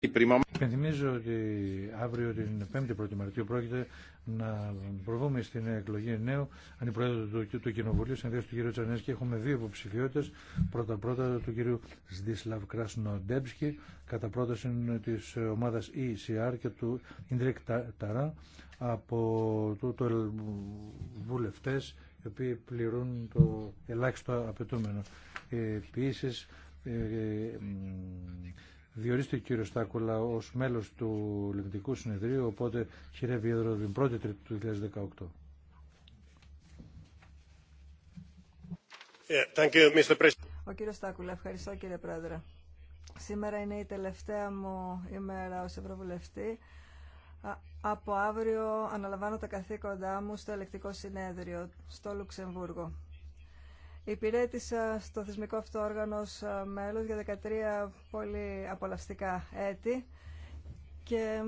Υπενθυμίζω ότι αύριο την 5η Πρωτη μαρτιου πρόκειται να προβούμε στην εκλογή νέου αντιπρόεδρου του, του Κοινοβουλίου συνδέα του κ. Τσανέσκη και έχουμε δύο υποψηφιότητε. Πρώτα-πρώτα του κ. Σδίσλαβ Κράσνοντέμψκη, κατά πρόταση τη ομάδα ECR και του Ιντρικ Ταρά από το, το βουλευτέ οι οποίοι πληρούν το ελάχιστο απαιτούμενο. Ε, Επίση, ε, ε, διορίστηκε ο κύριο Στάκουλα ω μέλο του ηλεκτρικού Συνεδρίου, οπότε χειρεύει έδρα την 1η του 2018. Mr. Ο κύριο Στάκουλα, ευχαριστώ κύριε Πρόεδρε. Σήμερα είναι η τελευταία μου ημέρα ως Ευρωβουλευτή. Από αύριο αναλαμβάνω τα καθήκοντά μου στο ελεκτικό συνέδριο στο Λουξεμβούργο. Υπηρέτησα στο θεσμικό αυτό όργανο ως ε, μέλος για 13 πολύ απολαυστικά έτη και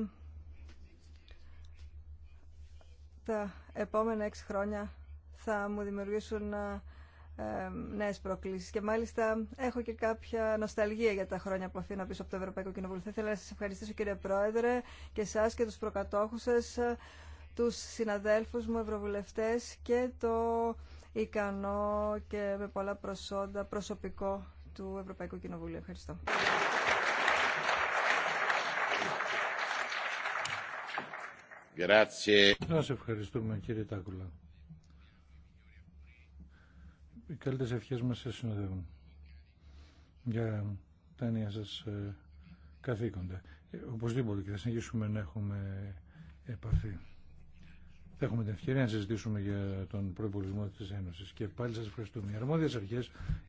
τα επόμενα 6 χρόνια θα μου δημιουργήσουν ε, ε, νέες προκλήσεις και μάλιστα έχω και κάποια νοσταλγία για τα χρόνια που αφήνω πίσω από το Ευρωπαϊκό Κοινοβούλιο. Θα ήθελα να σας ευχαριστήσω κύριε Πρόεδρε και εσάς και τους προκατόχους σας τους συναδέλφους μου ευρωβουλευτές και το ικανό και με πολλά προσόντα προσωπικό του Ευρωπαϊκού Κοινοβουλίου. Ευχαριστώ. Σας ευχαριστούμε κύριε Τάκουλα. Οι καλύτερες ευχές μας σας συνοδεύουν για τα νέα σας ε, καθήκοντα. Ε, οπωσδήποτε και θα συνεχίσουμε να έχουμε επαφή θα έχουμε την ευκαιρία να συζητήσουμε για τον προπολογισμό της Ένωσης. Και πάλι σας ευχαριστούμε. Οι αρμόδιες